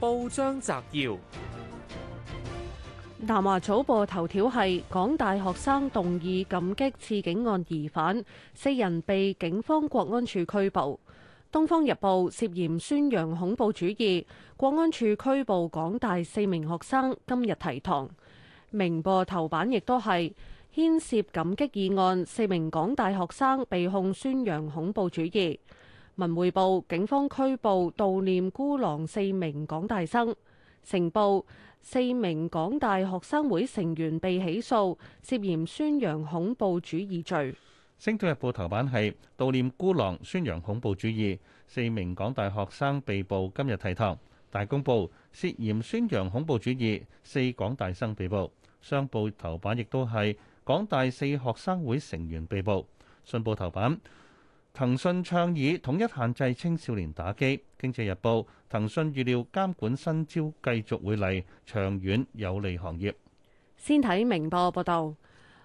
報章摘要：南華早報頭條係港大學生動議感激刺警案疑犯，四人被警方國安處拘捕。東方日報涉嫌宣揚恐怖主義，國安處拘捕港大四名學生，今日提堂。明報頭版亦都係牽涉感激議案，四名港大學生被控宣揚恐怖主義。文匯報，警方拘捕悼念孤狼四名港大生。成報四名港大學生會成員被起訴，涉嫌宣揚恐怖主義罪。星島日報頭版係悼念孤狼，宣揚恐怖主義，四名港大學生被捕，今日提堂。大公報涉嫌宣揚恐怖主義，四港大生被捕。商報頭版亦都係港大四學生會成員被捕。信報頭版。騰訊倡議統一限制青少年打機。經濟日報，騰訊預料監管新招繼續會嚟，長遠有利行業。先睇明報報道。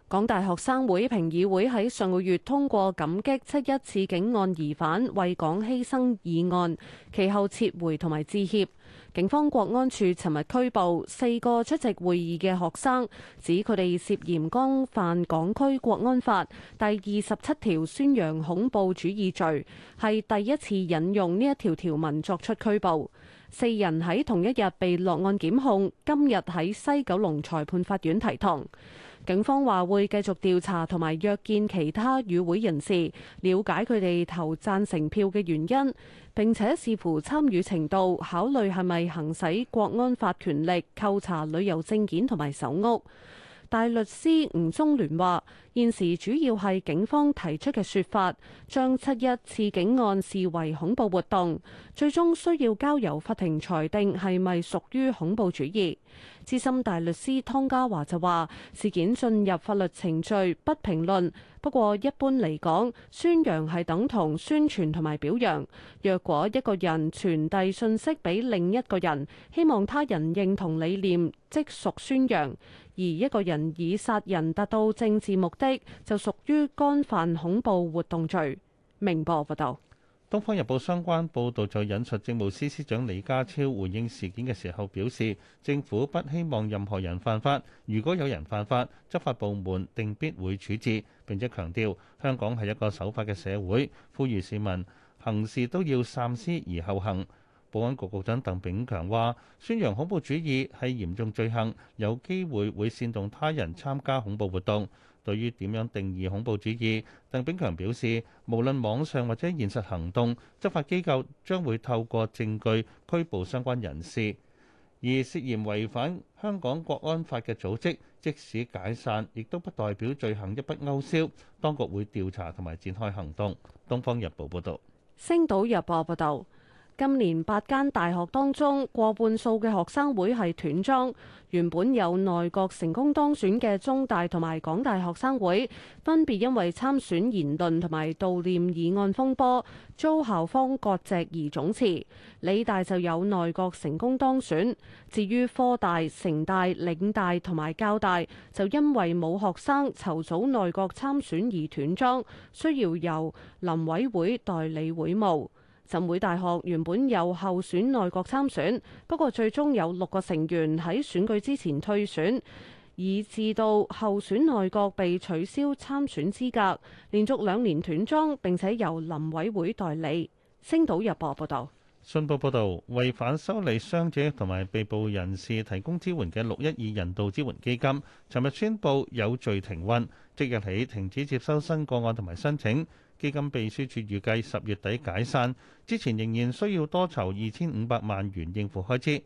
港大學生會評議會喺上個月通過感激七一刺警案疑犯為港犧牲議案，其後撤回同埋致歉。警方國安處尋日拘捕四個出席會議嘅學生，指佢哋涉嫌干犯港區國安法第二十七條宣揚恐怖主義罪，係第一次引用呢一條條文作出拘捕。四人喺同一日被落案檢控，今日喺西九龍裁判法院提堂。警方話會繼續調查同埋約見其他與會人士，了解佢哋投贊成票嘅原因，並且視乎參與程度，考慮係咪行使國安法權力扣查旅遊證件同埋搜屋。大律師吳中聯話，現時主要係警方提出嘅說法，將七一刺警案視為恐怖活動，最終需要交由法庭裁定係咪屬於恐怖主義。資深大律師湯家華就話，事件進入法律程序，不評論。不過一般嚟講，宣揚係等同宣傳同埋表揚。若果一個人傳遞信息俾另一個人，希望他人認同理念，即屬宣揚。而一個人以殺人達到政治目的，就屬於干犯恐怖活動罪。明報報道，《東方日報》相關報導在引述政務司司長李家超回應事件嘅時候表示，政府不希望任何人犯法，如果有人犯法，執法部門定必會處置。並且強調，香港係一個守法嘅社會，呼籲市民行事都要三思而後行。保安局局長鄧炳強話：宣揚恐怖主義係嚴重罪行，有機會會煽動他人參加恐怖活動。對於點樣定義恐怖主義，鄧炳強表示，無論網上或者現實行動，執法機構將會透過證據拘捕相關人士。而涉嫌違反香港國安法嘅組織，即使解散，亦都不代表罪行一筆勾銷。當局會調查同埋展開行動。東方日報報道，《星島日報》報道。今年八間大學當中，過半數嘅學生會係斷莊。原本有內閣成功當選嘅中大同埋港大學生會，分別因為參選言論同埋悼念議案風波，遭校方割席而總辭。理大就有內閣成功當選。至於科大、城大、嶺大同埋教大，就因為冇學生籌組內閣參選而斷莊，需要由臨委會代理會務。浸會大學原本由候選內閣參選，不過最終有六個成員喺選舉之前退選，以至到候選內閣被取消參選資格，連續兩年斷莊，並且由臨委會代理。星島日報報道，信報報道，為反修例傷者同埋被捕人士提供支援嘅六一二人道支援基金，尋日宣布有序停運，即日起停止接收新個案同埋申請。基金秘書處預計十月底解散之前，仍然需要多籌二千五百萬元應付開支。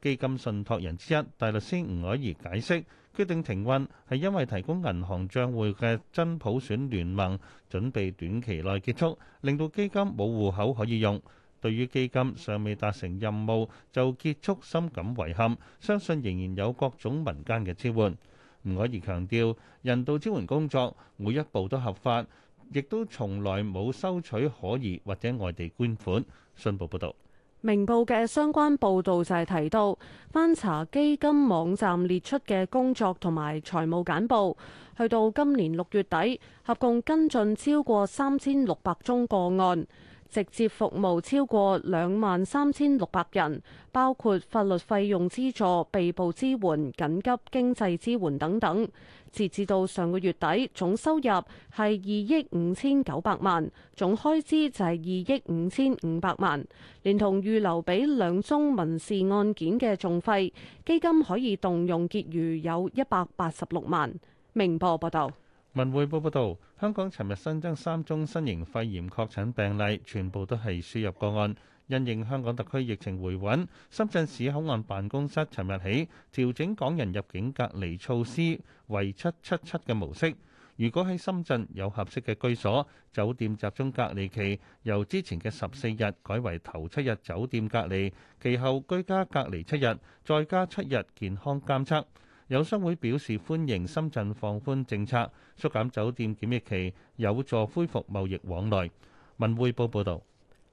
基金信託人之一大律師吳靄儀解釋，決定停運係因為提供銀行帳戶嘅真普選聯盟準備短期內結束，令到基金冇戶口可以用。對於基金尚未達成任務就結束，深感遺憾。相信仍然有各種民間嘅支援。吳靄儀強調，人道支援工作每一步都合法。亦都從來冇收取可疑或者外地捐款。信報報道，明報嘅相關報導就係提到，翻查基金網站列出嘅工作同埋財務簡報，去到今年六月底，合共跟進超過三千六百宗個案。直接服務超過兩萬三千六百人，包括法律費用資助、被捕支援、緊急經濟支援等等。截至到上個月底，總收入係二億五千九百萬，總開支就係二億五千五百萬，連同預留俾兩宗民事案件嘅訟費基金，可以動用結餘有一百八十六萬。明報報道。文匯報報道，香港尋日新增三宗新型肺炎確診病例，全部都係輸入個案，因應香港特區疫情回穩，深圳市口岸辦公室尋日起調整港人入境隔離措施為七七七嘅模式。如果喺深圳有合適嘅居所，酒店集中隔離期由之前嘅十四日改為頭七日酒店隔離，其後居家隔離七日，再加七日健康監測。有商會表示歡迎深圳放寬政策，縮減酒店檢疫期，有助恢復貿易往來。文匯報報道。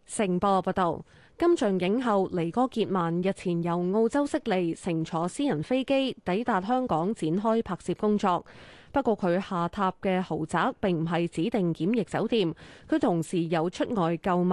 成波報道。金像影后尼哥杰曼日前由澳洲悉尼乘坐私人飛機抵達香港展開拍攝工作，不過佢下榻嘅豪宅並唔係指定檢疫酒店，佢同時有出外購物，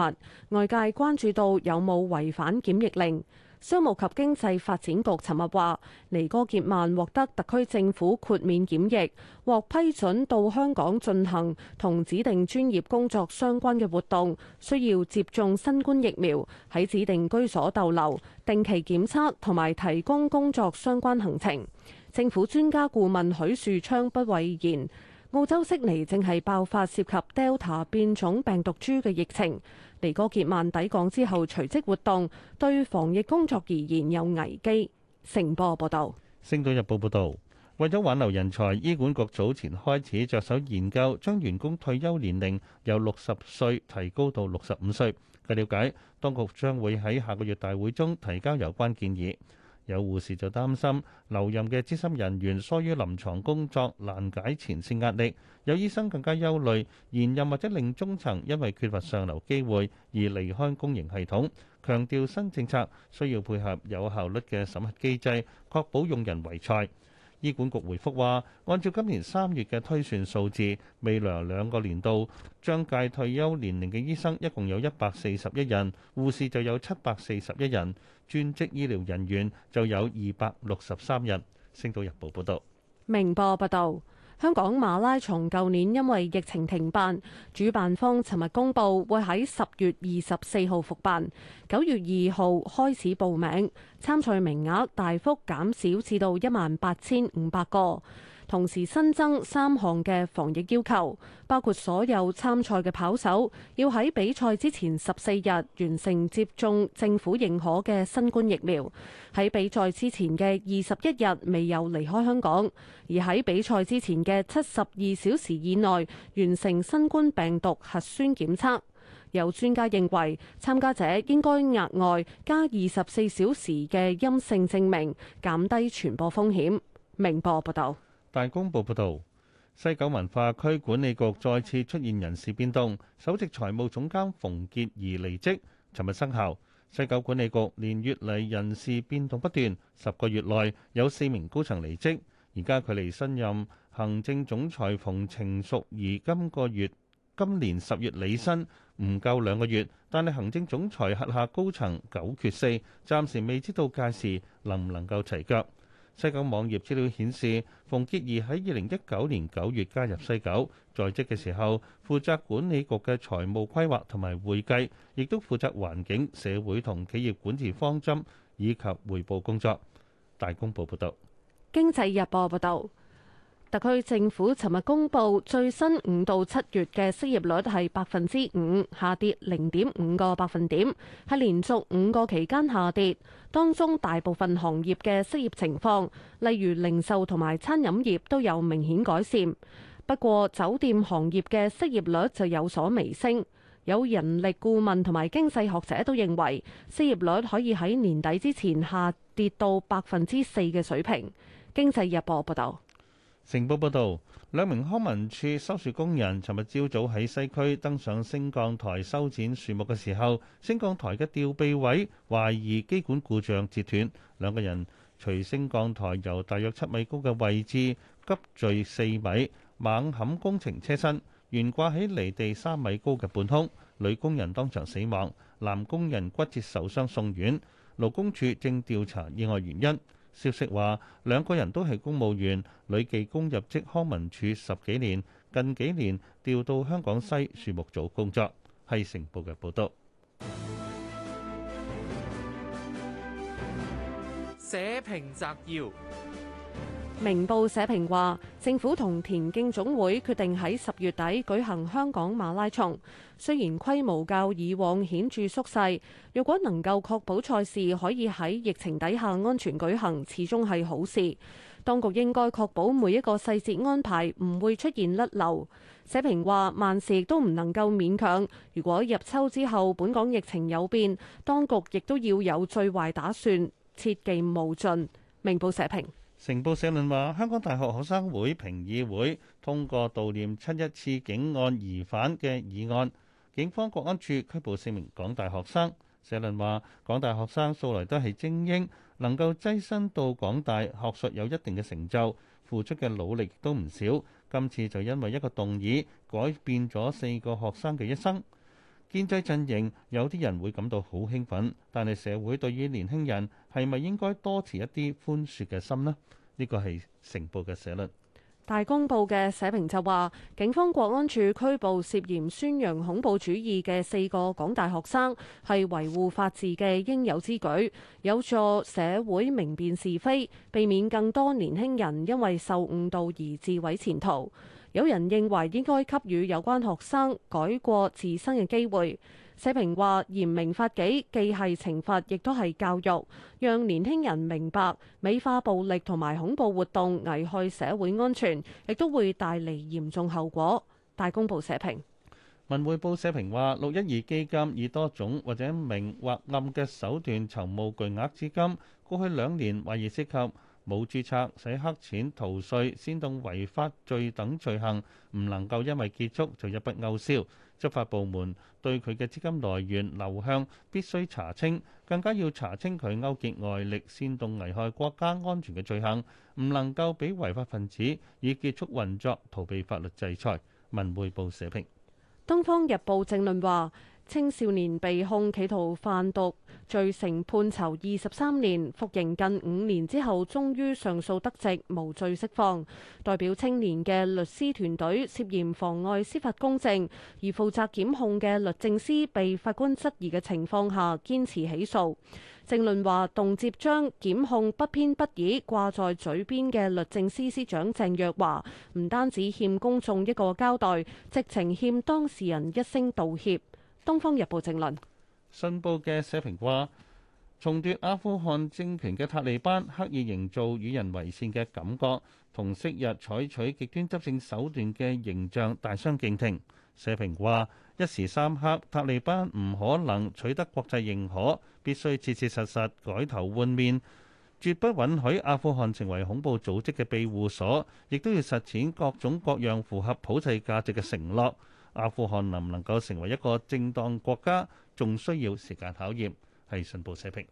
外界關注到有冇違反檢疫令。商務及經濟發展局尋日話，尼哥傑曼獲得特區政府豁免檢疫，獲批准到香港進行同指定專業工作相關嘅活動，需要接種新冠疫苗，喺指定居所逗留，定期檢測，同埋提供工作相關行程。政府專家顧問許樹昌不諱言，澳洲悉尼正係爆發涉及 Delta 變種病毒株嘅疫情。尼哥傑曼抵港之後，隨即活動，對防疫工作而言有危機。成波報道。《星島日報》報道，為咗挽留人才，醫管局早前開始着手研究，將員工退休年齡由六十歲提高到六十五歲。據了解，當局將會喺下個月大會中提交有關建議。有護士就擔心留任嘅資深人員疏於臨床工作，難解前線壓力。有醫生更加憂慮，現任或者令中層因為缺乏上流機會而離開公營系統。強調新政策需要配合有效率嘅審核機制，確保用人唯才。醫管局回覆話，按照今年三月嘅推算數字，未來兩個年度將屆退休年齡嘅醫生一共有一百四十一人，護士就有七百四十一人，專職醫療人員就有二百六十三人。星島日報報道。明報報道。香港馬拉松舊年因為疫情停辦，主辦方尋日公布會喺十月二十四號復辦，九月二號開始報名，參賽名額大幅減少至到一萬八千五百個。同時新增三項嘅防疫要求，包括所有參賽嘅跑手要喺比賽之前十四日完成接種政府認可嘅新冠疫苗，喺比賽之前嘅二十一日未有離開香港，而喺比賽之前嘅七十二小時以內完成新冠病毒核酸檢測。有專家認為參加者應該額外加二十四小時嘅陰性證明，減低傳播風險。明報報道。大公報報道，西九文化區管理局再次出現人事變動，首席財務總監馮傑兒離職，尋日生效。西九管理局連月嚟人事變動不斷，十個月內有四名高層離職。而家距離新任行政總裁馮程淑儀今個月今年十月離身，唔夠兩個月，但係行政總裁轄下高層九缺四，暫時未知道屆時能唔能夠齊腳。西九網頁資料顯示，馮潔儀喺二零一九年九月加入西九，在職嘅時候負責管理局嘅財務規劃同埋會計，亦都負責環境、社會同企業管治方針以及匯報工作。大公報報道。經濟日報報道。特區政府尋日公布最新五到七月嘅失業率係百分之五，下跌零點五個百分點，係連續五個期間下跌。當中大部分行業嘅失業情況，例如零售同埋餐飲業都有明顯改善。不過酒店行業嘅失業率就有所微升。有人力顧問同埋經濟學者都認為，失業率可以喺年底之前下跌到百分之四嘅水平。經濟日報報道。成報報導，兩名康文署收樹工人尋日朝早喺西區登上升降台修剪樹木嘅時候，升降台嘅吊臂位懷疑機管故障截斷，兩個人隨升降台由大約七米高嘅位置急墜四米，猛冚工程車身，懸掛喺離地三米高嘅半空，女工人當場死亡，男工人骨折受傷送院，勞工處正調查意外原因。消息話，兩個人都係公務員，女技工入職康文署十幾年，近幾年調到香港西樹木組工作。係城報嘅報道。社評摘要。明報社評話，政府同田徑總會決定喺十月底舉行香港馬拉松。雖然規模較以往顯著縮細，若果能夠確保賽事可以喺疫情底下安全舉行，始終係好事。當局應該確保每一個細節安排唔會出現甩漏。社評話，萬事都唔能夠勉強。如果入秋之後本港疫情有變，當局亦都要有最壞打算，切忌冒進。明報社評。成報社論話：香港大學學生會評議會通過悼念七一刺警案疑犯嘅議案，警方國安處拘捕四名港大學生。社論話：港大學生素來都係精英，能夠躋身到港大學術有一定嘅成就，付出嘅努力亦都唔少。今次就因為一個動議，改變咗四個學生嘅一生。建制陣營有啲人會感到好興奮，但係社會對於年輕人係咪應該多持一啲寬恕嘅心呢？呢個係《成報》嘅社論，《大公報》嘅社評就話：警方國安處拘捕涉嫌宣揚恐怖主義嘅四個港大學生，係維護法治嘅應有之舉，有助社會明辨是非，避免更多年輕人因為受誤導而自毀前途。有人認為應該給予有關學生改過自新嘅機會。社評話：嚴明法紀既係懲罰，亦都係教育，讓年輕人明白美化暴力同埋恐怖活動危害社會安全，亦都會帶嚟嚴重後果。大公報社評。文匯報社評話：六一二基金以多種或者明或暗嘅手段籌募巨額資金，過去兩年懷疑涉及。冇註冊、洗黑錢、逃稅、煽動違法罪等罪行，唔能夠因為結束就一筆勾銷。執法部門對佢嘅資金來源流向必須查清，更加要查清佢勾結外力煽動危害國家安全嘅罪行，唔能夠俾違法分子以結束運作逃避法律制裁。文匯報社評，《東方日報正論》政論話。青少年被控企圖販毒，罪成判囚二十三年，服刑近五年之後，終於上訴得直，無罪釋放。代表青年嘅律師團隊涉嫌妨礙司法公正，而負責檢控嘅律政司被法官質疑嘅情況下，堅持起訴。政論話，動輒將檢控不偏不倚掛在嘴邊嘅律政司司長鄭若驊，唔單止欠公眾一個交代，直情欠當事人一聲道歉。《東方日報》政論，信報嘅社評話：重奪阿富汗政權嘅塔利班刻意營造與人為善嘅感覺，同昔日採取極端執政手段嘅形象大相徑庭。社評話：一時三刻，塔利班唔可能取得國際認可，必須切切實實改頭換面，絕不允許阿富汗成為恐怖組織嘅庇護所，亦都要實踐各種各樣符合普世價值嘅承諾。阿富汗能唔能夠成為一個正當國家，仲需要時間考驗，係信報社評。